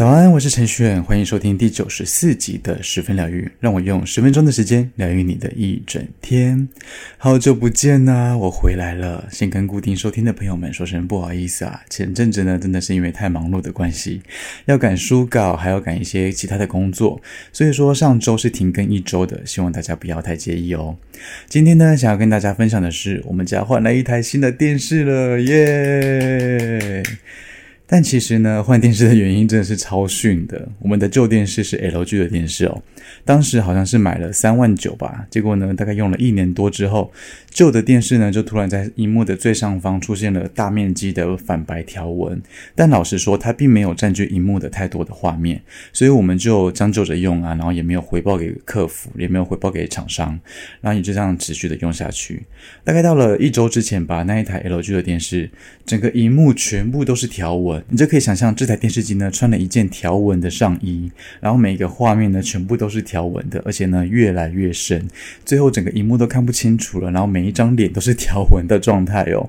早安，我是陳炫，歡迎收聽第九十四集的十分療癒。讓我用十分鐘的時間療癒你的一整天。好久不見呢、啊，我回來了。先跟固定收聽的朋友們說聲不好意思啊，前陣子呢真的是因為太忙碌的關係，要趕書稿，還要趕一些其他的工作，所以說上週是停更一週的，希望大家不要太介意哦。今天呢，想要跟大家分享的是，我們家換來一台新的電視了，耶、yeah!！但其實呢，換電視的原因真的是超遜的。我們的舊電視是 LG 的電視哦，當時好像是買了三萬九吧。結果呢，大概用了一年多之後，舊的電視呢就突然在熒幕的最上方出現了大面積的反白條紋。但老實說，它並沒有佔據熒幕的太多的畫面，所以我們就將就着用啊，然後也沒有回報給客服，也沒有回報給廠商，然後你就這樣持續的用下去。大概到了一周之前吧，那一台 LG 的電視，整個熒幕全部都是條紋。你就可以想象，這台電視機呢穿了一件條紋的上衣，然後每一個畫面呢全部都是條紋的，而且呢越來越深，最後整個熒幕都看不清楚了，然後每一張臉都是條紋的狀態哦。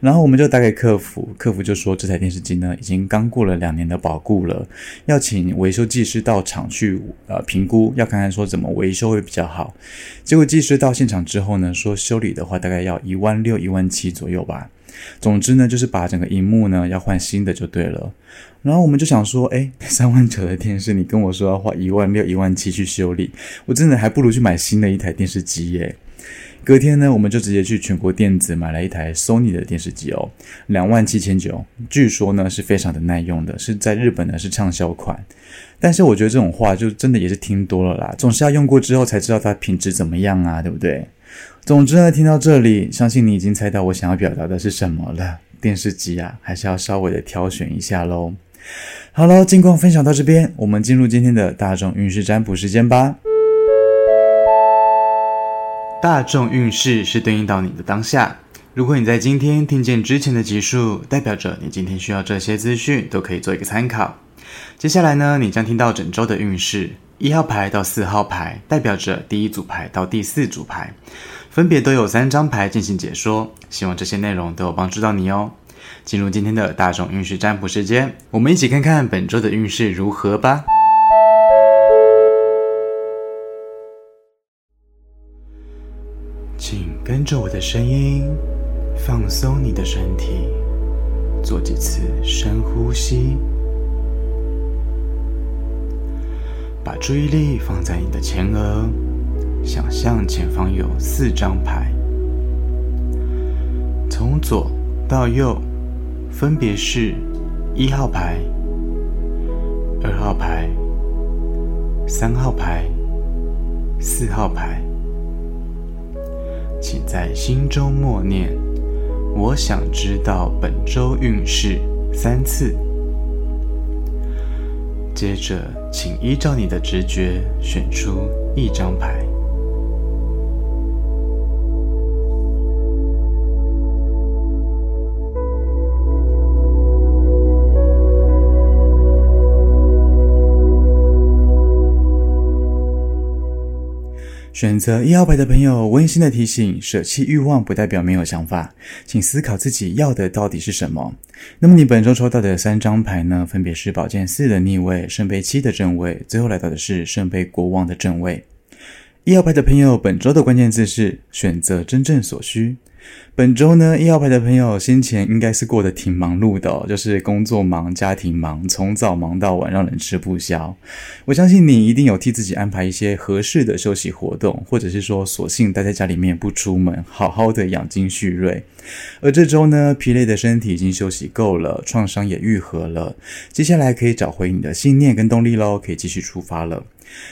然後我們就打給客服，客服就說，這台電視機呢已經剛過了兩年的保固了，要請維修技師到場去呃評估，要看看說怎麼維修會比較好。結果技師到現場之後呢，說修理的話大概要一萬六、一萬七左右吧。總之呢，就是把整個熒幕呢要換新的就對了。然後我們就想說，哎、欸，三萬九的電視，你跟我說要花一萬六、一萬七去修理，我真的還不如去買新的一台電視機耶、欸。隔天呢，我們就直接去全國電子買了一台 Sony 的電視機哦，兩萬七千九，據說呢是非常的耐用的，是在日本呢是暢銷款。但是我覺得這種話就真的也是聽多了啦，總是要用過之後才知道它品質怎麼樣啊，對不對？總之呢，聽到這裡，相信你已經猜到我想要表達的是什麼了。電視機啊，還是要稍微的挑選一下嘍。好囉，近況分享到這邊，我們進入今天的大眾運勢占卜時間吧。大眾運勢是對應到你的當下。如果你在今天聽見之前的集數，代表着你今天需要這些資訊都可以做一個參考。接下來呢，你將聽到整周的運勢，一號牌到四號牌，代表着第一組牌到第四組牌，分別都有三張牌進行解說。希望這些內容都有幫助到你哦。進入今天的大眾運勢占卜時間，我們一起看看本周的運勢如何吧。請跟着我的聲音。放鬆你的身體，做幾次深呼吸。把注意力放在你的前額，想象前方有四張牌。從左到右，分別是一號牌、二號牌、三號牌、四號牌。請在心中默念。我想知道本週運勢三次。接着，請依照你的直覺選出一張牌。選擇一號牌的朋友，溫馨的提醒：捨棄慾望不代表沒有想法，請思考自己要的到底是什麼。那麼你本周抽到的三張牌呢？分別是寶劍四的逆位、聖杯七的正位，最後來到的是聖杯國王的正位。一號牌的朋友，本周的關鍵字是選擇真正所需。本周呢，一號牌的朋友先前應該是過得挺忙碌的哦，就是工作忙、家庭忙，從早忙到晚，讓人吃不消。我相信你一定有替自己安排一些合適的休息活動，或者是說，索性待在家裡面不出門，好好的養精蓄銳。而這周呢，疲累的身體已經休息夠了，創傷也愈合了，接下來可以找回你的信念跟動力嘍，可以繼續出發了。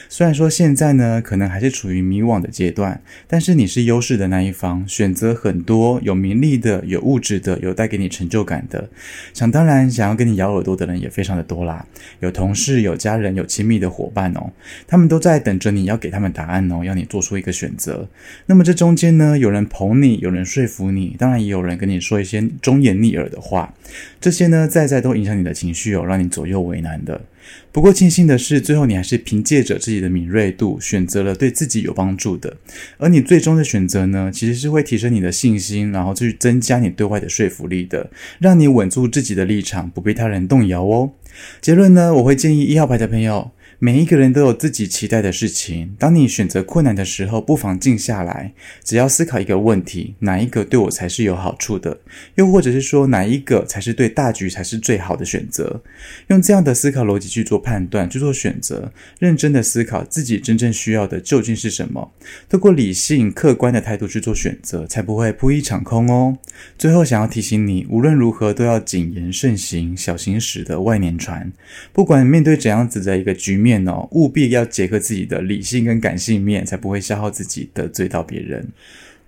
雖然說現在呢，可能還是處於迷惘的階段，但是你是優勢的那一方，選擇很多，有名利的、有物質的、有帶給你成就感的。想當然，想要跟你咬耳朵的人也非常的多啦。有同事、有家人、有親密的夥伴哦，他們都在等着你要給他們答案哦，要你做出一個選擇。那麼這中間呢，有人捧你，有人說服你，當然也有人跟你說一些忠言逆耳的話，這些呢，在在都影響你的情緒哦，讓你左右為難的。不過慶幸的是，最後你還是憑借着自己的敏銳度，選擇了對自己有幫助的。而你最終的選擇呢，其實是會提升你的信心，然後去增加你對外的說服力的，讓你穩住自己的立場，不被他人動搖哦。結論呢，我會建議一號牌的朋友。每一個人都有自己期待的事情。當你選擇困難的時候，不妨靜下來，只要思考一個問題：哪一個對我才是有好處的？又或者是說，哪一個才是對大局才是最好的選擇？用這樣的思考邏輯去做判斷、去做選擇，認真的思考自己真正需要的究竟是什麼，透過理性、客觀的態度去做選擇，才不會撲一場空哦。最後，想要提醒你，無論如何都要謹言慎行，小心駛得萬年船。不管面對怎樣子的一個局面。面哦，務必要結合自己的理性跟感性面，才不會消耗自己，得罪到別人。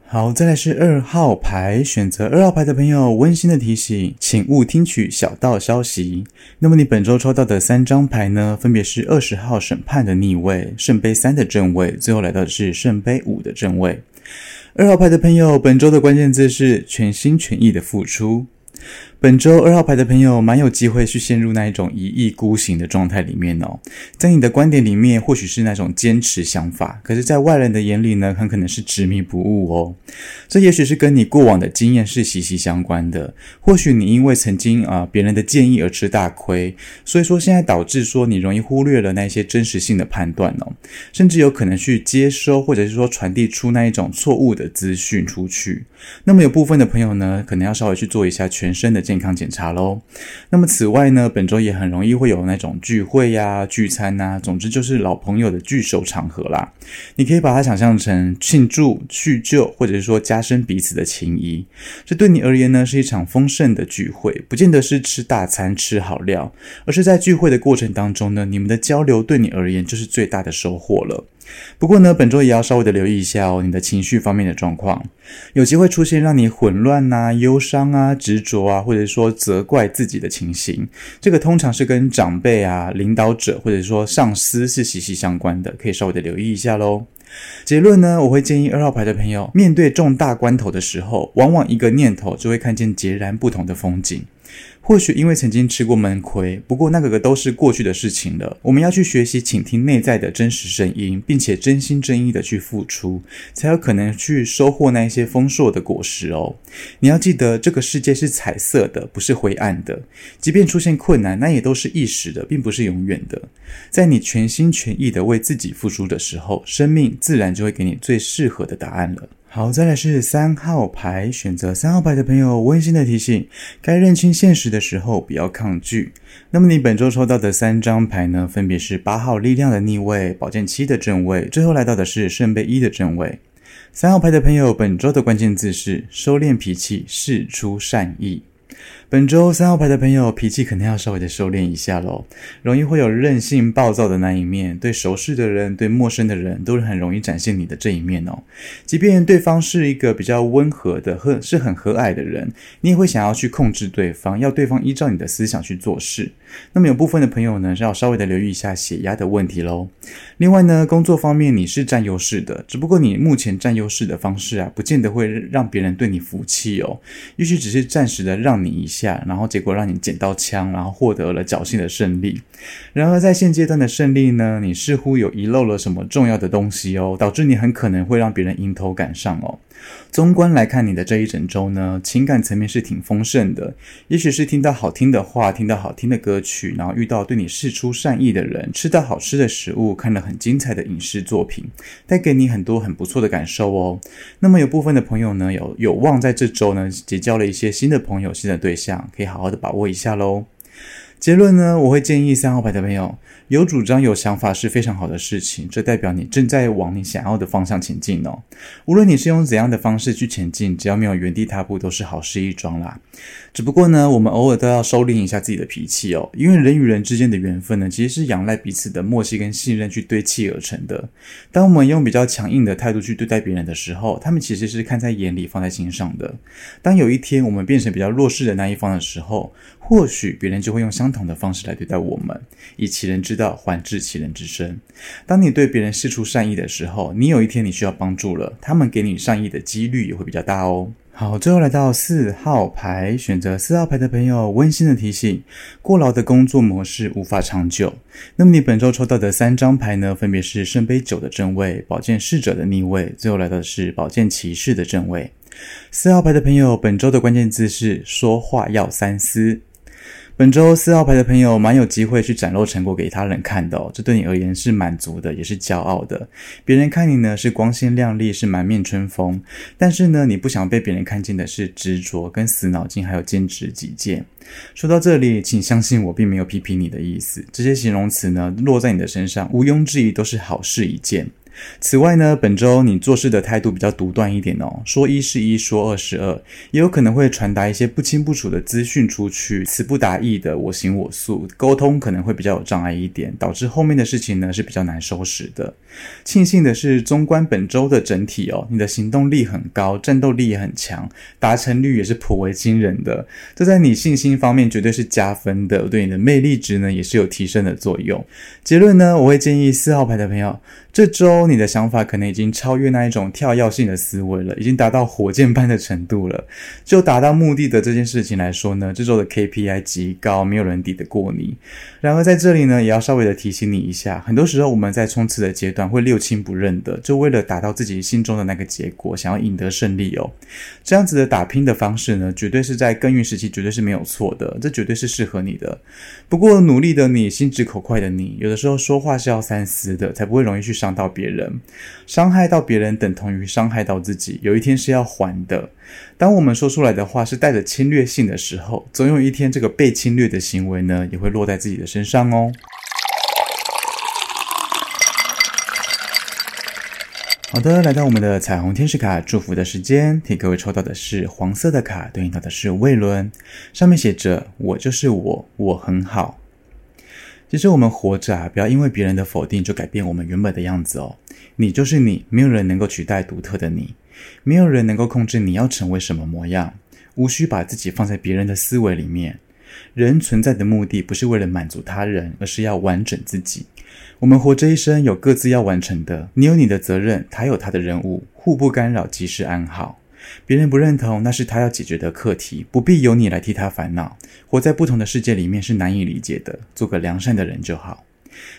好，再來是二號牌，選擇二號牌的朋友，溫馨的提醒，請勿聽取小道消息。那麼你本周抽到的三張牌呢，分別是二十號審判的逆位、聖杯三的正位，最後來到的是聖杯五的正位。二號牌的朋友，本周的關鍵字是全心全意的付出。本週二號牌的朋友蠻有機會去陷入那一種一意孤行的狀態裡面哦，在你的觀點裡面，或許是那種堅持想法，可是在外人的眼裡呢，很可能是執迷不悟哦。這也許是跟你過往的經驗是息息相關的。或許你因為曾經啊別人的建議而吃大虧，所以說現在導致說你容易忽略了那些真實性的判斷哦，甚至有可能去接收或者是說傳遞出那一種錯誤的資訊出去。那麼有部分的朋友呢，可能要稍微去做一下圈身的健康檢查嘍。那麼此外呢，本週也很容易會有那種聚會呀、啊、聚餐吶、啊，總之就是老朋友的聚首場合啦。你可以把它想象成慶祝、敘舊，或者是說加深彼此的情誼。這對你而言呢，是一場豐盛的聚會，不見得是吃大餐、吃好料，而是在聚會的過程當中呢，你們的交流對你而言就是最大的收穫了。不過呢，本週也要稍微的留意一下哦，你的情緒方面的狀況，有機會出現讓你混亂吶、啊、憂傷啊、執着啊，或者說責怪自己的情形。這個通常是跟長輩啊、領導者或者說上司是息息相關的，可以稍微的留意一下嘍。結論呢，我會建議二號牌的朋友，面對重大關頭的時候，往往一個念頭就會看見截然不同的風景。或許因為曾經吃過悶虧，不過那個個都是過去的事情了。我們要去學習，傾聽內在的真實聲音，並且真心真意的去付出，才有可能去收穫那一些豐碩的果實哦。你要記得，這個世界是彩色的，不是灰暗的。即便出現困難，那也都是一時的，並不是永遠的。在你全心全意的為自己付出的時候，生命自然就會給你最適合的答案了。好，再來是三號牌。選擇三號牌的朋友，溫馨的提醒：該認清現實的時候，不要抗拒。那麼你本周抽到的三張牌呢？分別是八號力量的逆位、寶劍七的正位，最後來到的是聖杯一的正位。三號牌的朋友，本周的關鍵字是收斂脾氣，釋出善意。本周三號牌的朋友脾氣可能要稍微的收斂一下嘍，容易會有任性暴躁的那一面。對熟識的人，對陌生的人，都是很容易展現你的這一面哦。即便對方是一個比較溫和的、是很和藹的人，你也會想要去控制對方，要對方依照你的思想去做事。那麼有部分的朋友呢，是要稍微的留意一下血壓的問題嘍。另外呢，工作方面你是佔優勢的，只不過你目前佔優勢的方式啊，不見得會讓別人對你服氣哦。也許只是暫時的讓你一下。然後結果讓你撿到槍，然後獲得了僥倖的勝利。然而在現階段的勝利呢，你似乎有遺漏了什麼重要的東西哦，導致你很可能會讓別人迎頭趕上哦。綜觀來看，你的這一整周呢，情感層面是挺豐盛的，也許是聽到好聽的話，聽到好聽的歌曲，然後遇到對你釋出善意的人，吃到好吃的食物，看了很精彩的影視作品，帶給你很多很不錯的感受哦。那麼有部分的朋友呢，有有望在這周呢結交了一些新的朋友、新的對象，可以好好的把握一下嘍。結論呢，我會建議三號牌的朋友。有主張、有想法是非常好的事情，這代表你正在往你想要的方向前進哦。無論你是用怎樣的方式去前進，只要沒有原地踏步，都是好事一樁啦。只不過呢，我們偶爾都要收斂一下自己的脾氣哦，因為人與人之間的緣分呢，其實是仰賴彼此的默契跟信任去堆砌而成的。當我們用比較強硬的態度去對待別人的時候，他們其實是看在眼裡、放在心上的。當有一天我們變成比較弱勢的那一方的時候，或許別人就會用相同的方式來對待我們，以其人之道。要還治其人之身。當你對別人釋出善意的時候，你有一天你需要幫助了，他們給你善意的幾率也會比較大哦。好，最後來到四號牌，選擇四號牌的朋友，溫馨的提醒，過勞的工作模式無法長久。那麼你本週抽到的三張牌呢，分別是聖杯九的正位、寶劍侍者的逆位，最後來到的是寶劍騎士的正位。四號牌的朋友，本週的關鍵字是說話要三思。本週四號牌的朋友蠻有機會去展露成果給他人看的哦，這對你而言是滿足的，也是驕傲的。別人看你呢，是光鮮亮麗，是滿面春風。但是呢，你不想被別人看見的是執着、跟死腦筋，還有堅持己見。說到這裡，請相信我，並沒有批評你的意思。這些形容詞呢，落在你的身上，毋庸置疑都是好事一件。此外呢，本週你做事的態度比較獨斷一點哦，說一是一，說二是二，也有可能會傳達一些不清不楚的資訊出去，詞不達意的我行我素，溝通可能會比較有障礙一點，導致後面的事情呢是比較難收拾的。慶幸的是，綜觀本週的整體哦，你的行動力很高，戰鬥力也很強，達成率也是頗為驚人的。這在你信心方面絕對是加分的，對你的魅力值呢也是有提升的作用。結論呢，我會建議四號牌的朋友，這週。你的想法可能已經超越那一種跳躍性的思維了，已經達到火箭般的程度了。就達到目的的這件事情來說呢，這周的 KPI 極高，沒有人抵得過你。然而在這裡呢，也要稍微的提醒你一下，很多時候我們在衝刺的階段會六親不認的，就為了達到自己心中的那個結果，想要贏得勝利哦。這樣子的打拼的方式呢，絕對是在耕耘時期絕對是沒有錯的，這絕對是適合你的。不過努力的你，心直口快的你，有的時候說話是要三思的，才不會容易去傷到別人。人傷害到別人，等同於傷害到自己，有一天是要還的。當我們說出來的話是帶着侵略性的時候，總有一天這個被侵略的行為呢，也會落在自己的身上哦。好的，來到我們的彩虹天使卡祝福的時間，替各位抽到的是黃色的卡，對應到的是魏倫，上面寫着：“我就是我，我很好。”其實我們活着啊，不要因為別人的否定就改變我們原本的樣子哦。你就是你，沒有人能夠取代獨特的你，沒有人能夠控制你要成為什麼模樣。無需把自己放在別人的思維裡面。人存在的目的不是為了滿足他人，而是要完整自己。我們活這一生有各自要完成的，你有你的責任，他有他的任務，互不干擾，即是安好。別人不認同，那是他要解決的課題，不必由你來替他煩惱。活在不同的世界裡面是難以理解的，做個良善的人就好。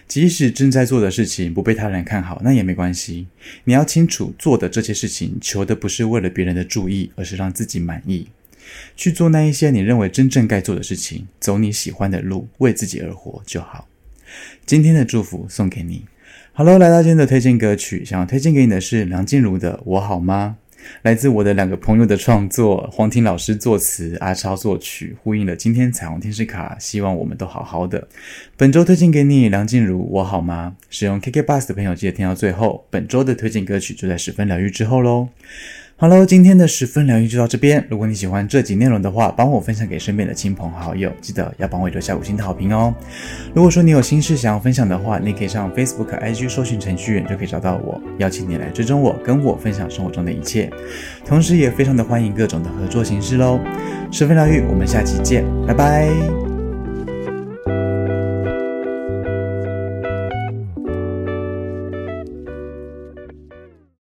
即使正在做的事情不被他人看好，那也沒關係。你要清楚，做的這些事情，求的不是為了別人的注意，而是讓自己滿意。去做那一些你認為真正該做的事情，走你喜歡的路，為自己而活就好。今天的祝福送給你。Hello，來到今天的推薦歌曲，想要推薦給你的是梁靜茹的《我好嗎》。來自我的兩個朋友的創作，黃婷老師作詞，阿超作曲，呼應了今天彩虹天使卡，希望我們都好好的。本周推薦給你，梁靜茹，我好嗎？使用 KKBox 的朋友記得聽到最後，本周的推薦歌曲就在十分療癒之後嘍。好嘍，Hello, 今天的十分療癒就到這邊。如果你喜歡這集內容的話，幫我分享給身邊的親朋好友，記得要幫我留下五星的好評哦。如果說你有心事想要分享的話，你可以上 Facebook、IG 搜尋程序員就可以找到我，邀請你來追蹤我，跟我分享生活中的一切。同時也非常的歡迎各種的合作形式嘍。十分療癒，我們下期見，拜拜。